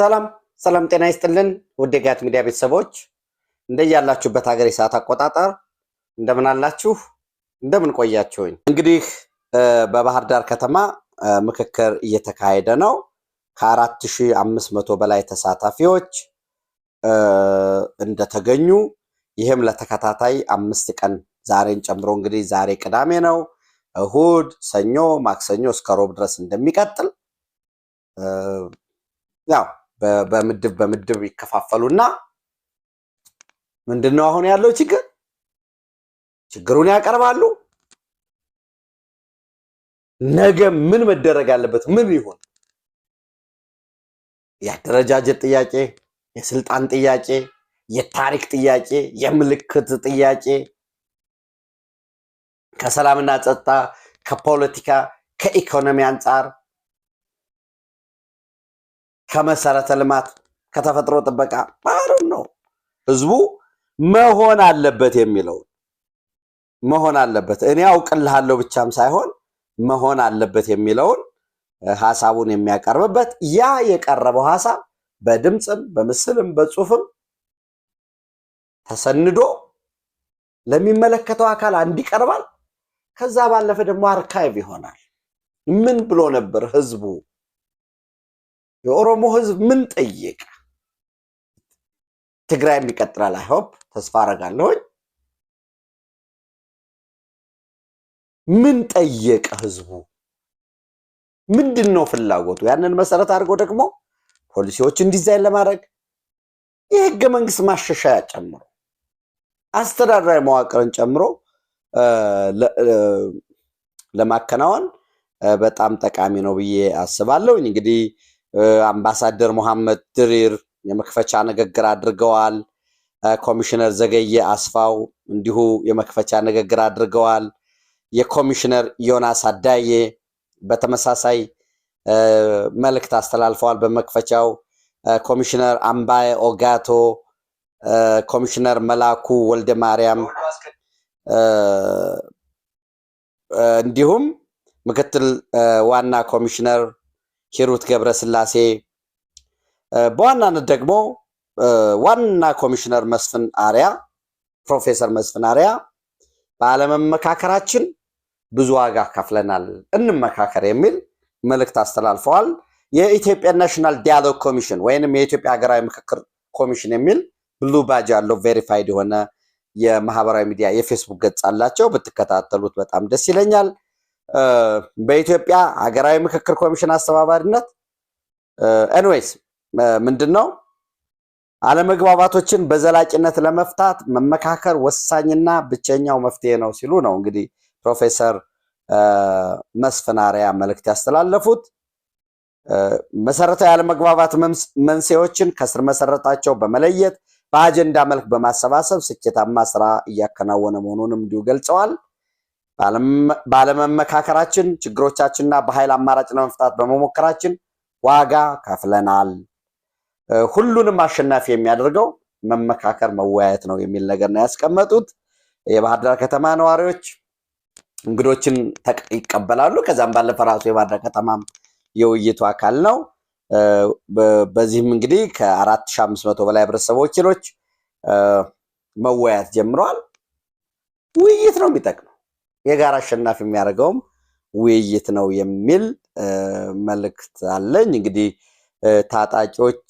ሰላም ሰላም፣ ጤና ይስጥልን ውድ ሚዲያ ቤተሰቦች እንደያላችሁበት ሀገር የሰዓት አቆጣጠር እንደምን አላችሁ? እንደምን ቆያችሁኝ? እንግዲህ በባህር ዳር ከተማ ምክክር እየተካሄደ ነው። ከ ከ4500 በላይ ተሳታፊዎች እንደተገኙ ይህም ለተከታታይ አምስት ቀን ዛሬን ጨምሮ እንግዲህ ዛሬ ቅዳሜ ነው፣ እሁድ፣ ሰኞ፣ ማክሰኞ እስከ ሮብ ድረስ እንደሚቀጥል ያው በምድብ በምድብ ይከፋፈሉና ምንድን ምንድነው አሁን ያለው ችግር? ችግሩን ያቀርባሉ። ነገ ምን መደረግ አለበት? ምን ይሆን? የአደረጃጀት ጥያቄ፣ የስልጣን ጥያቄ፣ የታሪክ ጥያቄ፣ የምልክት ጥያቄ ከሰላምና ጸጥታ፣ ከፖለቲካ፣ ከኢኮኖሚ አንጻር ከመሰረተ ልማት ከተፈጥሮ ጥበቃ ባህርም ነው ህዝቡ መሆን አለበት የሚለውን መሆን አለበት እኔ አውቅልሃለሁ ብቻም ሳይሆን መሆን አለበት የሚለውን ሀሳቡን የሚያቀርብበት ያ የቀረበው ሀሳብ በድምፅም በምስልም በጽሁፍም ተሰንዶ ለሚመለከተው አካል አንድ ይቀርባል። ከዛ ባለፈ ደግሞ አርካይቭ ይሆናል። ምን ብሎ ነበር ህዝቡ የኦሮሞ ህዝብ ምን ጠየቀ? ትግራይም ይቀጥላል። አይሆፕ ተስፋ አረጋለሁኝ። ምን ጠየቀ ህዝቡ? ምንድን ነው ፍላጎቱ? ያንን መሰረት አድርጎ ደግሞ ፖሊሲዎችን ዲዛይን ለማድረግ የህገ መንግስት ማሻሻያ ጨምሮ አስተዳደራዊ መዋቅርን ጨምሮ ለማከናወን በጣም ጠቃሚ ነው ብዬ አስባለሁኝ እንግዲህ አምባሳደር መሐመድ ድሪር የመክፈቻ ንግግር አድርገዋል። ኮሚሽነር ዘገየ አስፋው እንዲሁ የመክፈቻ ንግግር አድርገዋል። የኮሚሽነር ዮናስ አዳዬ በተመሳሳይ መልእክት አስተላልፈዋል። በመክፈቻው ኮሚሽነር አምባዬ ኦጋቶ፣ ኮሚሽነር መላኩ ወልደ ማርያም እንዲሁም ምክትል ዋና ኮሚሽነር ሂሩት ገብረስላሴ በዋናነት ደግሞ ዋና ኮሚሽነር መስፍን አሪያ ፕሮፌሰር መስፍን አሪያ ባለመመካከራችን ብዙ ዋጋ ከፍለናል፣ እንመካከር የሚል መልእክት አስተላልፈዋል። የኢትዮጵያ ናሽናል ዲያሎግ ኮሚሽን ወይንም የኢትዮጵያ ሀገራዊ ምክክር ኮሚሽን የሚል ብሉ ባጅ ያለው ቬሪፋይድ የሆነ የማህበራዊ ሚዲያ የፌስቡክ ገጽ አላቸው። ብትከታተሉት በጣም ደስ ይለኛል። በኢትዮጵያ ሀገራዊ ምክክር ኮሚሽን አስተባባሪነት ኤንዌይስ ምንድን ነው አለመግባባቶችን በዘላቂነት ለመፍታት መመካከር ወሳኝና ብቸኛው መፍትሄ ነው ሲሉ ነው እንግዲህ ፕሮፌሰር መስፍናሪያ መልእክት ያስተላለፉት። መሰረታዊ አለመግባባት መንስኤዎችን ከስር መሰረታቸው በመለየት በአጀንዳ መልክ በማሰባሰብ ስኬታማ ስራ እያከናወነ መሆኑንም እንዲሁ ገልጸዋል። ባለመመካከራችን ችግሮቻችንና በኃይል አማራጭ ለመፍታት በመሞከራችን ዋጋ ከፍለናል። ሁሉንም አሸናፊ የሚያደርገው መመካከር፣ መወያየት ነው የሚል ነገር ነው ያስቀመጡት። የባህር ዳር ከተማ ነዋሪዎች እንግዶችን ይቀበላሉ። ከዛም ባለፈ ራሱ የባህር ዳር ከተማም የውይይቱ አካል ነው። በዚህም እንግዲህ ከ4500 በላይ ህብረተሰብ ወኪሎች መወያየት ጀምረዋል። ውይይት ነው የሚጠቅመው። የጋራ አሸናፊ የሚያደርገውም ውይይት ነው የሚል መልእክት አለኝ። እንግዲህ ታጣቂዎች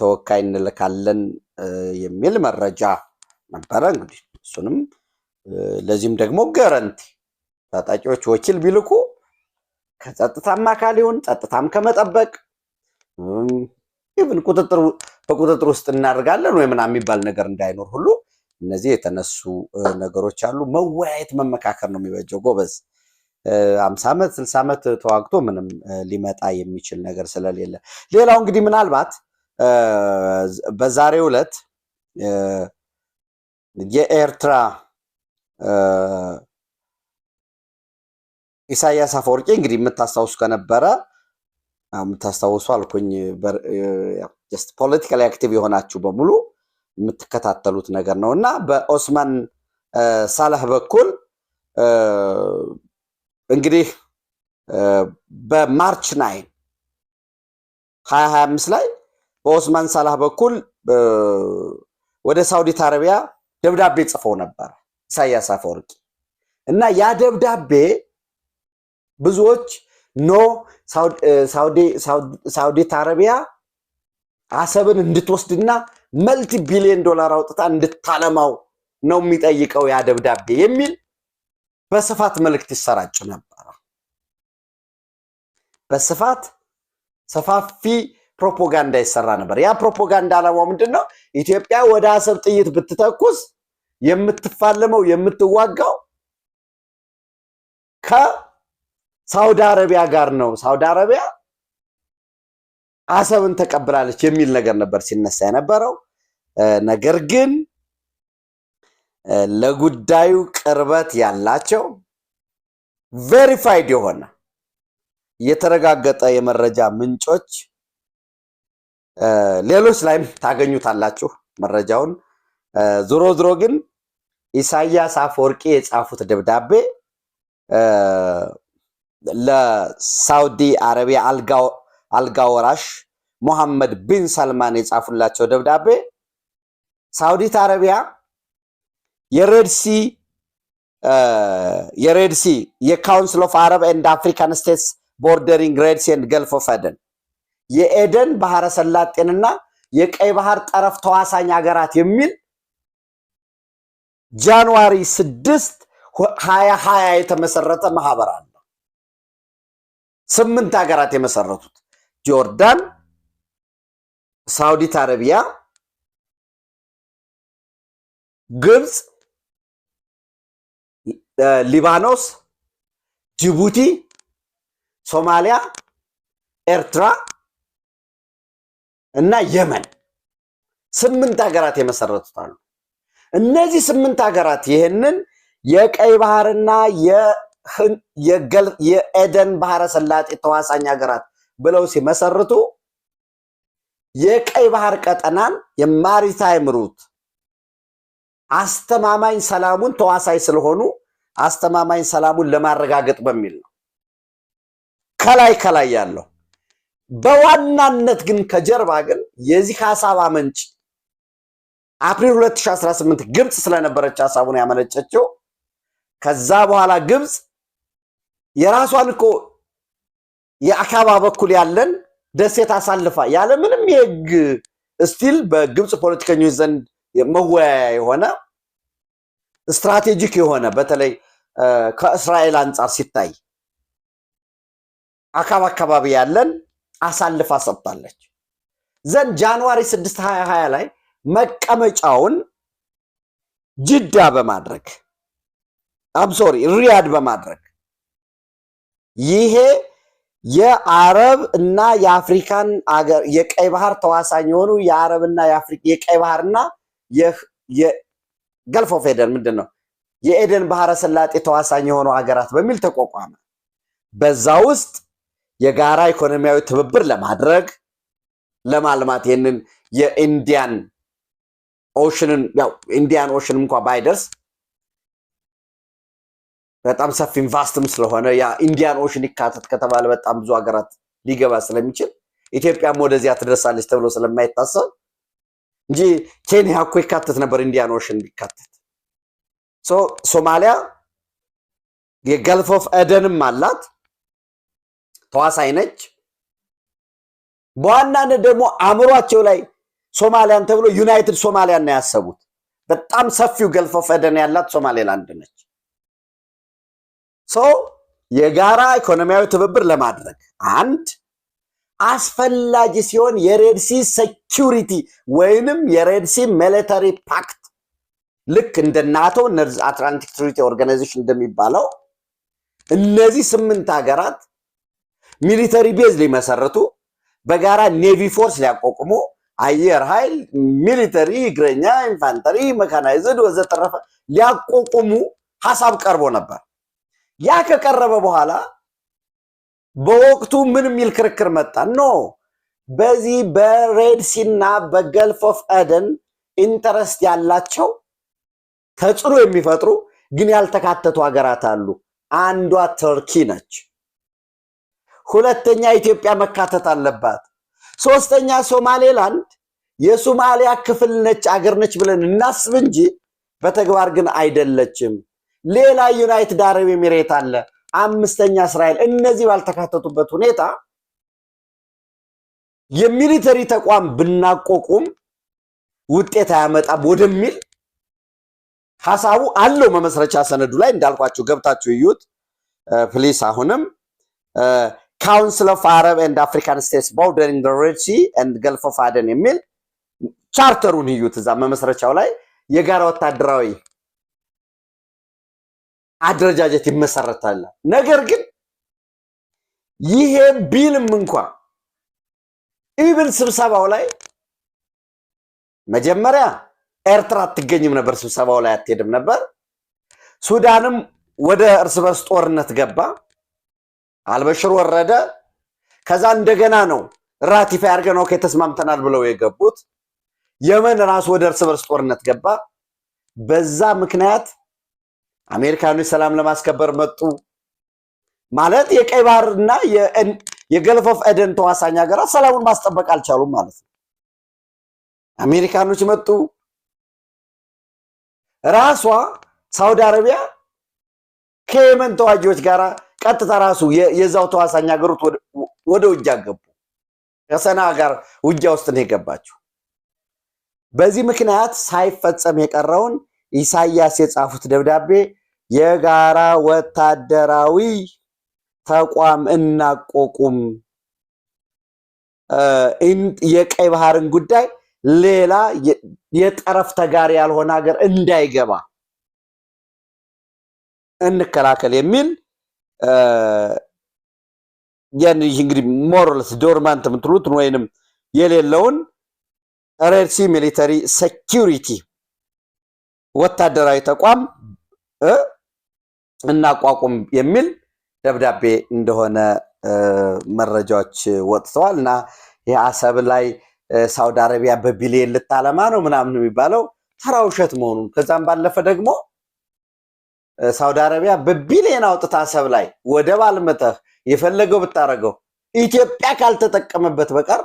ተወካይ እንልካለን የሚል መረጃ ነበረ። እንግዲህ እሱንም ለዚህም ደግሞ ገረንቲ ታጣቂዎች ወኪል ቢልኩ ከጸጥታም አካል ይሁን ጸጥታም ከመጠበቅ ይህን ቁጥጥር በቁጥጥር ውስጥ እናደርጋለን ወይ ምናምን የሚባል ነገር እንዳይኖር ሁሉ እነዚህ የተነሱ ነገሮች አሉ። መወያየት መመካከር ነው የሚበጀው ጎበዝ። አምሳ ዓመት ስልሳ ዓመት ተዋግቶ ምንም ሊመጣ የሚችል ነገር ስለሌለ፣ ሌላው እንግዲህ ምናልባት በዛሬው ዕለት የኤርትራ ኢሳያስ አፈወርቂ እንግዲህ የምታስታውሱ ከነበረ የምታስታውሱ አልኩኝ ፖለቲካሊ አክቲቭ የሆናችሁ በሙሉ የምትከታተሉት ነገር ነው እና በኦስማን ሳላህ በኩል እንግዲህ በማርች ናይን ሀያ ሀያ አምስት ላይ በኦስማን ሳላህ በኩል ወደ ሳውዲት አረቢያ ደብዳቤ ጽፈው ነበር ኢሳያስ አፈወርቂ እና ያ ደብዳቤ ብዙዎች ኖ ሳውዲት አረቢያ አሰብን እንድትወስድና መልቲ ቢሊዮን ዶላር አውጥታ እንድታለማው ነው የሚጠይቀው ያ ደብዳቤ የሚል በስፋት መልእክት ይሰራጭ ነበረ። በስፋት ሰፋፊ ፕሮፓጋንዳ ይሰራ ነበር። ያ ፕሮፓጋንዳ ዓላማው ምንድን ነው? ኢትዮጵያ ወደ አሰብ ጥይት ብትተኩስ የምትፋለመው የምትዋጋው ከሳውዲ አረቢያ ጋር ነው። ሳውዲ አረቢያ አሰብን ተቀብላለች የሚል ነገር ነበር ሲነሳ የነበረው። ነገር ግን ለጉዳዩ ቅርበት ያላቸው ቬሪፋይድ የሆነ የተረጋገጠ የመረጃ ምንጮች ሌሎች ላይም ታገኙታላችሁ መረጃውን። ዞሮ ዞሮ ግን ኢሳያስ አፈወርቂ የጻፉት ደብዳቤ ለሳውዲ አረቢያ አልጋወራሽ ወራሽ ሞሐመድ ቢን ሰልማን የጻፉላቸው ደብዳቤ ሳውዲት አረቢያ የሬድሲ የሬድሲ የካውንስል ኦፍ አረብ ኤንድ አፍሪካን ስቴትስ ቦርደሪንግ ሬድሲ ኤንድ ገልፍ ኦፍ ኤደን የኤደን ባህረ ሰላጤንና የቀይ ባህር ጠረፍ ተዋሳኝ ሀገራት የሚል ጃንዋሪ ስድስት ሀያ ሀያ የተመሰረተ ማህበር አለ። ስምንት ሀገራት የመሰረቱት ጆርዳን፣ ሳውዲት አረቢያ፣ ግብፅ፣ ሊባኖስ፣ ጅቡቲ፣ ሶማሊያ፣ ኤርትራ እና የመን ስምንት ሀገራት የመሰረቱት አሉ። እነዚህ ስምንት ሀገራት ይህንን የቀይ ባህርና የኤደን ባህረ ሰላጤ ተዋሳኝ ሀገራት ብለው ሲመሰርቱ የቀይ ባህር ቀጠናን የማሪታይም ሩት አስተማማኝ ሰላሙን ተዋሳይ ስለሆኑ አስተማማኝ ሰላሙን ለማረጋገጥ በሚል ነው። ከላይ ከላይ ያለው በዋናነት ግን ከጀርባ ግን የዚህ ሀሳብ አመንጭ አፕሪል 2018 ግብፅ ስለነበረች ሀሳቡን ያመነጨችው። ከዛ በኋላ ግብፅ የራሷን እኮ የአካባ በኩል ያለን ደሴት አሳልፋ ያለ ምንም የህግ ስቲል በግብፅ ፖለቲከኞች ዘንድ መወያያ የሆነ ስትራቴጂክ የሆነ በተለይ ከእስራኤል አንጻር ሲታይ አካባ አካባቢ ያለን አሳልፋ ሰጥታለች። ዘንድ ጃንዋሪ 6 2020 ላይ መቀመጫውን ጅዳ በማድረግ አምሶሪ ሪያድ በማድረግ ይሄ የአረብ እና የአፍሪካን አገር የቀይ ባህር ተዋሳኝ የሆኑ የአፍሪካ የቀይ እና የገልፍ ኦፍ ኤደን ምንድን ነው የኤደን ባህረ ሰላጤ ተዋሳኝ የሆኑ ሀገራት በሚል ተቋቋመ። በዛ ውስጥ የጋራ ኢኮኖሚያዊ ትብብር ለማድረግ ለማልማት ይህንን የኢንዲያን ኦሽንን ያው ኢንዲያን ኦሽን እንኳ ባይደርስ በጣም ሰፊም ቫስትም ስለሆነ ያ ኢንዲያን ኦሽን ይካተት ከተባለ በጣም ብዙ ሀገራት ሊገባ ስለሚችል ኢትዮጵያም ወደዚያ ትደርሳለች ተብሎ ስለማይታሰብ እንጂ ኬንያ እኮ ይካተት ነበር ኢንዲያን ኦሽን ቢካተት። ሶማሊያ የገልፍ ኦፍ ኤደንም አላት፣ ተዋሳይ ነች። በዋናነት ደግሞ አእምሯቸው ላይ ሶማሊያን ተብሎ ዩናይትድ ሶማሊያን ነው ያሰቡት። በጣም ሰፊው ገልፍ ኦፍ ኤደን ያላት ሶማሌላንድ ነች። ሰው የጋራ ኢኮኖሚያዊ ትብብር ለማድረግ አንድ አስፈላጊ ሲሆን የሬድሲ ሴኪሪቲ ወይንም የሬድሲ ሚሊተሪ ፓክት ልክ እንደ ናቶ አትላንቲክ ትሪቲ ኦርጋናይዜሽን እንደሚባለው እነዚህ ስምንት ሀገራት ሚሊተሪ ቤዝ ሊመሰረቱ በጋራ ኔቪ ፎርስ ሊያቋቁሙ አየር ኃይል፣ ሚሊተሪ፣ እግረኛ፣ ኢንፋንተሪ፣ መካናይዝድ ወዘተረፈ ሊያቋቁሙ ሀሳብ ቀርቦ ነበር። ያ ከቀረበ በኋላ በወቅቱ ምን የሚል ክርክር መጣ? ኖ በዚህ በሬድሲና በገልፍ ኦፍ ኤደን ኢንተረስት ያላቸው ተጽዕኖ የሚፈጥሩ ግን ያልተካተቱ ሀገራት አሉ። አንዷ ተርኪ ነች። ሁለተኛ ኢትዮጵያ መካተት አለባት። ሶስተኛ ሶማሌላንድ የሶማሊያ ክፍል ነች፣ አገር ነች ብለን እናስብ እንጂ በተግባር ግን አይደለችም። ሌላ ዩናይትድ አረብ ኤሚሬት አለ፣ አምስተኛ እስራኤል። እነዚህ ባልተካተቱበት ሁኔታ የሚሊተሪ ተቋም ብናቆቁም ውጤት አያመጣም ወደሚል ሀሳቡ አለው። መመስረቻ ሰነዱ ላይ እንዳልኳችሁ ገብታችሁ እዩት ፕሊስ። አሁንም ካውንስል ኦፍ አረብ ኤንድ አፍሪካን ስቴትስ ቦርደሪንግ ሬድ ሲ ኤንድ ገልፍ ኦፍ አደን የሚል ቻርተሩን እዩት። እዛ መመስረቻው ላይ የጋራ ወታደራዊ አደረጃጀት ይመሰረታል። ነገር ግን ይሄ ቢልም እንኳ ኢብን ስብሰባው ላይ መጀመሪያ ኤርትራ አትገኝም ነበር፣ ስብሰባው ላይ አትሄድም ነበር። ሱዳንም ወደ እርስ በርስ ጦርነት ገባ። አልበሽር ወረደ። ከዛ እንደገና ነው ራቲፋይ አድርገን ኦኬ ተስማምተናል ብለው የገቡት። የመን ራሱ ወደ እርስ በርስ ጦርነት ገባ። በዛ ምክንያት አሜሪካኖች ሰላም ለማስከበር መጡ ማለት የቀይ እና የገልፍ ኦፍ ኤደን ተዋሳኝ ሀገራት ሰላሙን ማስጠበቅ አልቻሉም ማለት ነው። አሜሪካኖች መጡ። ራሷ ሳውዲ አረቢያ ከየመን ተዋጊዎች ጋር ቀጥታ ራሱ የዛው ተዋሳኝ ሀገሮች ወደ ውጊያ ገቡ። ከሰና ጋር ውጊያ ውስጥ ነው የገባችው። በዚህ ምክንያት ሳይፈጸም የቀረውን ኢሳያስ የጻፉት ደብዳቤ የጋራ ወታደራዊ ተቋም እናቆቁም። የቀይ ባህርን ጉዳይ ሌላ የጠረፍ ተጋሪ ያልሆነ ሀገር እንዳይገባ እንከላከል የሚል ያን ይህ እንግዲህ ሞራልስ ዶርማንት የምትሉትን ወይንም የሌለውን ሬድሲ ሚሊተሪ ሴኪሪቲ ወታደራዊ ተቋም እናቋቁም የሚል ደብዳቤ እንደሆነ መረጃዎች ወጥተዋል። እና የአሰብ ላይ ሳውዲ አረቢያ በቢሊየን ልታለማ ነው ምናምን የሚባለው ተራ ውሸት መሆኑን ከዛም ባለፈ ደግሞ ሳውዲ አረቢያ በቢሊየን አውጥታ አሰብ ላይ ወደብ አልምተህ የፈለገው ብታደረገው ኢትዮጵያ ካልተጠቀመበት በቀር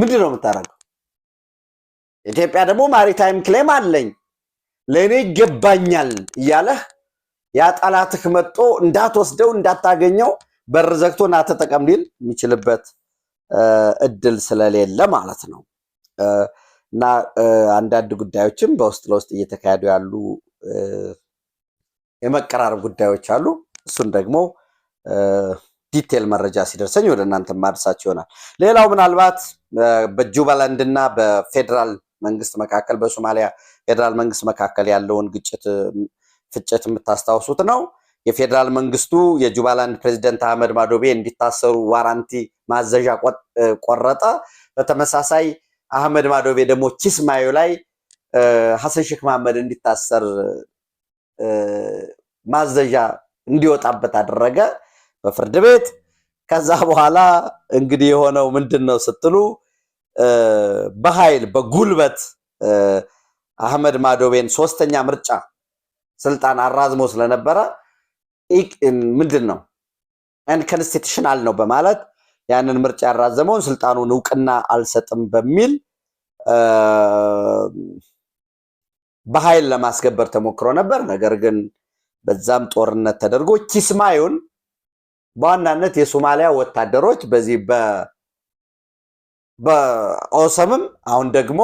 ምንድን ነው የምታደረገው? ኢትዮጵያ ደግሞ ማሪታይም ክሌም አለኝ ለእኔ ይገባኛል እያለህ ያ ጠላትህ እንዳትወስደው እንዳታገኘው በር ዘግቶ ተጠቀም ሊል የሚችልበት እድል ስለሌለ ማለት ነው። እና አንዳንድ ጉዳዮችም በውስጥ ለውስጥ እየተካሄዱ ያሉ የመቀራረብ ጉዳዮች አሉ። እሱን ደግሞ ዲቴል መረጃ ሲደርሰኝ ወደ እናንተ ማድረሳቸው ይሆናል። ሌላው ምናልባት በጁባላንድ እና በፌዴራል መንግስት መካከል በሶማሊያ ፌዴራል መንግስት መካከል ያለውን ግጭት ፍጨት የምታስታውሱት ነው። የፌዴራል መንግስቱ የጁባላንድ ፕሬዚደንት አህመድ ማዶቤ እንዲታሰሩ ዋራንቲ ማዘዣ ቆረጠ። በተመሳሳይ አህመድ ማዶቤ ደግሞ ኪስማዩ ላይ ሐሰን ሼክ መሐመድ እንዲታሰር ማዘዣ እንዲወጣበት አደረገ በፍርድ ቤት። ከዛ በኋላ እንግዲህ የሆነው ምንድን ነው ስትሉ በኃይል በጉልበት አህመድ ማዶቤን ሶስተኛ ምርጫ ስልጣን አራዝሞ ስለነበረ ምንድን ነው ኢንኮንስቲቱሽናል ነው በማለት ያንን ምርጫ ያራዘመውን ስልጣኑን እውቅና አልሰጥም በሚል በኃይል ለማስገበር ተሞክሮ ነበር። ነገር ግን በዛም ጦርነት ተደርጎ ኪስማዩን በዋናነት የሶማሊያ ወታደሮች በዚህ በኦሰምም አሁን ደግሞ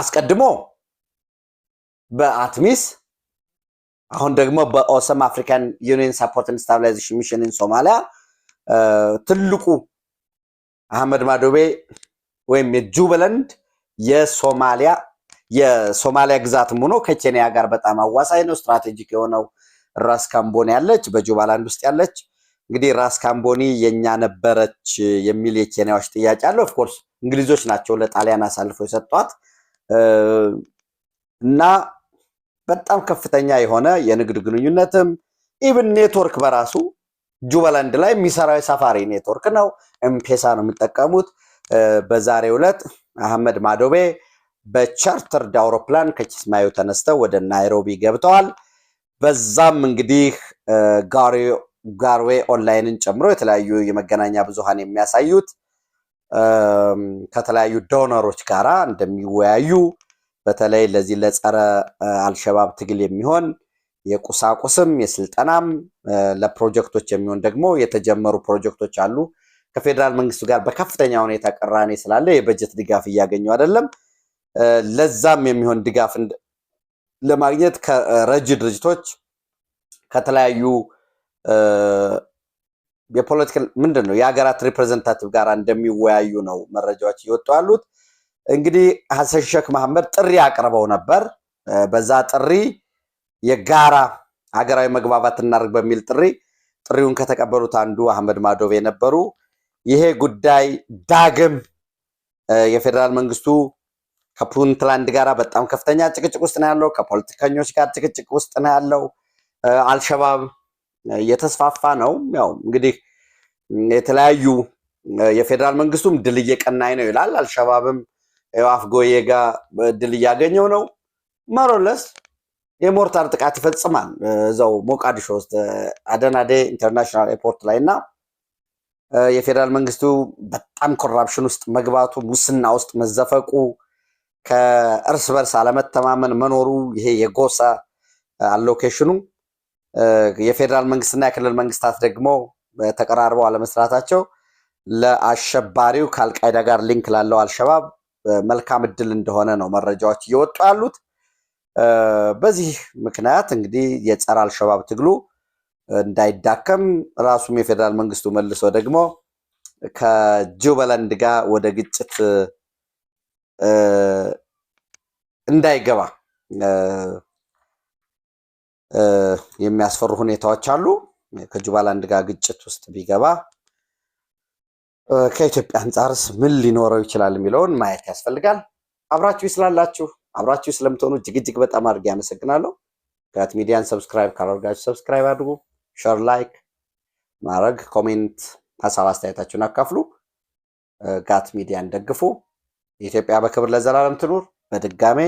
አስቀድሞ በአትሚስ አሁን ደግሞ በኦሰም አፍሪካን ዩኒየን ሳፖርትን ስታብላይዜሽን ሚሽን ሶማሊያ ትልቁ አህመድ ማዶቤ ወይም የጁበለንድ የሶማሊያ የሶማሊያ ግዛትም ሆኖ ከኬንያ ጋር በጣም አዋሳኝ ነው። ስትራቴጂክ የሆነው ራስ ካምቦኒ ያለች በጁባላንድ ውስጥ ያለች እንግዲህ ራስ ካምቦኒ የኛ ነበረች የሚል የኬንያዎች ጥያቄ አለ። ኦፍኮርስ እንግሊዞች ናቸው ለጣሊያን አሳልፈው የሰጧት እና በጣም ከፍተኛ የሆነ የንግድ ግንኙነትም ኢቭን ኔትወርክ በራሱ ጁበላንድ ላይ የሚሰራው የሳፋሪ ኔትወርክ ነው። ኤምፔሳ ነው የሚጠቀሙት። በዛሬ ዕለት አህመድ ማዶቤ በቻርተርድ አውሮፕላን ከኪስማዩ ተነስተው ወደ ናይሮቢ ገብተዋል። በዛም እንግዲህ ጋርዌ ኦንላይንን ጨምሮ የተለያዩ የመገናኛ ብዙሃን የሚያሳዩት ከተለያዩ ዶነሮች ጋራ እንደሚወያዩ በተለይ ለዚህ ለጸረ አልሸባብ ትግል የሚሆን የቁሳቁስም የስልጠናም ለፕሮጀክቶች የሚሆን ደግሞ የተጀመሩ ፕሮጀክቶች አሉ። ከፌዴራል መንግስቱ ጋር በከፍተኛ ሁኔታ ቅራኔ ስላለ የበጀት ድጋፍ እያገኘው አይደለም። ለዛም የሚሆን ድጋፍ ለማግኘት ከረጅ ድርጅቶች ከተለያዩ የፖለቲካል ምንድን ነው የሀገራት ሪፕሬዘንታቲቭ ጋር እንደሚወያዩ ነው መረጃዎች እየወጡ ያሉት። እንግዲህ ሀሰን ሼክ መሐመድ ጥሪ አቅርበው ነበር። በዛ ጥሪ የጋራ ሀገራዊ መግባባት እናደርግ በሚል ጥሪ ጥሪውን ከተቀበሉት አንዱ አህመድ ማዶብ የነበሩ ይሄ ጉዳይ ዳግም የፌዴራል መንግስቱ ከፑንትላንድ ጋር በጣም ከፍተኛ ጭቅጭቅ ውስጥ ነው ያለው። ከፖለቲከኞች ጋር ጭቅጭቅ ውስጥ ነው ያለው። አልሸባብ እየተስፋፋ ነው። ያው እንግዲህ የተለያዩ የፌዴራል መንግስቱም ድል እየቀናኝ ነው ይላል። አልሸባብም አፍጎዬ ጋር ድል እያገኘው ነው። መሮለስ የሞርታር ጥቃት ይፈጽማል እዛው ሞቃዲሾ ውስጥ አደናዴ ኢንተርናሽናል ኤርፖርት ላይ እና የፌዴራል መንግስቱ በጣም ኮራፕሽን ውስጥ መግባቱ፣ ሙስና ውስጥ መዘፈቁ፣ ከእርስ በርስ አለመተማመን መኖሩ ይሄ የጎሳ አሎኬሽኑ የፌዴራል መንግስትና የክልል መንግስታት ደግሞ ተቀራርበው አለመስራታቸው ለአሸባሪው ከአልቃይዳ ጋር ሊንክ ላለው አልሸባብ መልካም እድል እንደሆነ ነው መረጃዎች እየወጡ ያሉት። በዚህ ምክንያት እንግዲህ የጸረ አልሸባብ ትግሉ እንዳይዳከም ራሱም የፌዴራል መንግስቱ መልሶ ደግሞ ከጁበላንድ ጋር ወደ ግጭት እንዳይገባ የሚያስፈሩ ሁኔታዎች አሉ። ከጁባላንድ ጋር ግጭት ውስጥ ቢገባ ከኢትዮጵያ አንጻርስ ምን ሊኖረው ይችላል የሚለውን ማየት ያስፈልጋል። አብራችሁ ስላላችሁ አብራችሁ ስለምትሆኑ እጅግ እጅግ በጣም አድርጌ ያመሰግናለሁ። ጋት ሚዲያን ሰብስክራይብ ካላደርጋችሁ ሰብስክራይብ አድርጉ። ሸር፣ ላይክ ማድረግ፣ ኮሜንት፣ ሀሳብ አስተያየታችሁን አካፍሉ። ጋት ሚዲያን ደግፉ። ኢትዮጵያ በክብር ለዘላለም ትኑር። በድጋሜ